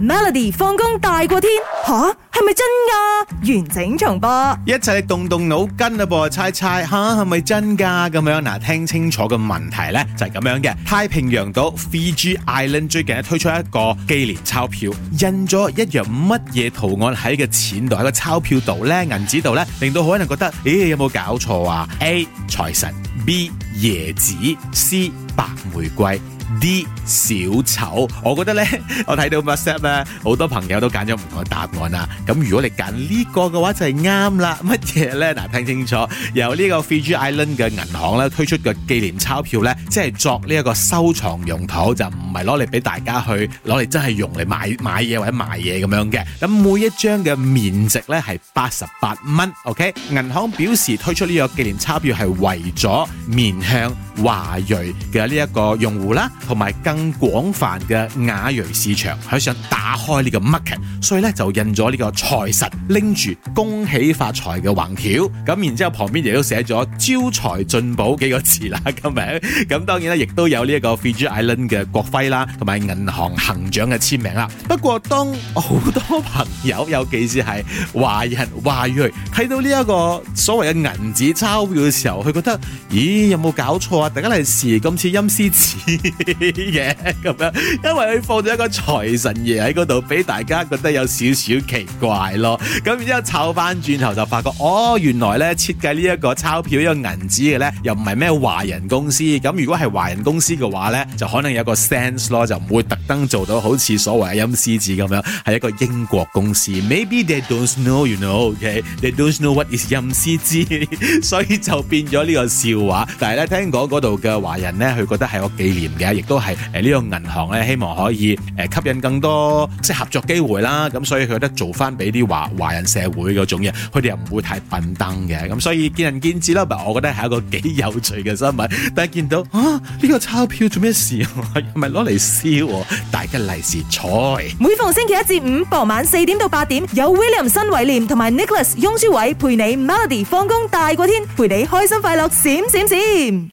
Melody 放工大過天吓，係咪真㗎？完整重播，一齊動動腦筋啊！噃，猜猜，吓，係咪真㗎？咁樣嗱、啊，聽清楚嘅問題咧就係咁樣嘅。太平洋島 Fiji Island 最近推出一個紀念鈔票，印咗一樣乜嘢圖案喺個錢度喺個鈔票度咧銀紙度咧，令到好多人覺得，咦、欸、有冇搞錯啊？A 財神，B 椰子，C 白玫瑰。啲小丑，我覺得呢，我睇到 WhatsApp 咧，好多朋友都揀咗唔同嘅答案啦。咁如果你揀呢個嘅話，就係啱啦。乜嘢呢？嗱，聽清楚，由呢個 Fiji Island 嘅銀行咧推出嘅紀念鈔票呢，即係作呢一個收藏用途，就唔係攞嚟俾大家去攞嚟真係用嚟買買嘢或者賣嘢咁樣嘅。咁每一張嘅面值呢係八十八蚊。OK，銀行表示推出呢個紀念鈔票係為咗面向，華裔嘅呢一個用戶啦，同埋更廣泛嘅亞裔市場，佢想打開呢個 market，所以咧就印咗呢個財神拎住恭喜發財嘅橫條，咁然之後旁邊亦都寫咗招財進寶幾個字啦咁樣，咁當然咧亦都有呢一個 Fiji Island 嘅國徽啦，同埋銀行行長嘅簽名啦。不過當好多朋友尤其是係華人華裔睇到呢一個所謂嘅銀紙鈔票嘅時候，佢覺得咦，有冇搞錯啊？大家嚟試咁似陰司紙嘅咁樣，因為佢放咗一個財神爺喺度，俾大家覺得有少少奇怪咯。咁然之後摷翻轉頭就發覺，哦，原來咧設計呢一個鈔票一個銀紙嘅咧，又唔係咩華人公司。咁如果係華人公司嘅話咧，就可能有個 sense 咯，就唔會特登做到好似所謂陰司紙咁樣，係一個英國公司。Maybe they don't know, you know? Okay, they don't know what is 陰司紙，所以就變咗呢個笑話，但係咧，聽講。度嘅華人咧，佢覺得係個紀念嘅，亦都係誒呢個銀行咧，希望可以誒吸引更多即係合作機會啦。咁所以佢覺得做翻俾啲華華人社會嗰種嘢，佢哋又唔會太笨登嘅。咁所以見仁見智啦，唔係我覺得係一個幾有趣嘅新聞。但係見到啊呢個鈔票做咩事啊？係咪攞嚟燒啊？大吉利是彩。每逢星期一至五傍晚四點到八點，有 William 新偉廉同埋 Nicholas 雍舒偉陪你 Melody 放工大過天，陪你開心快樂閃閃閃。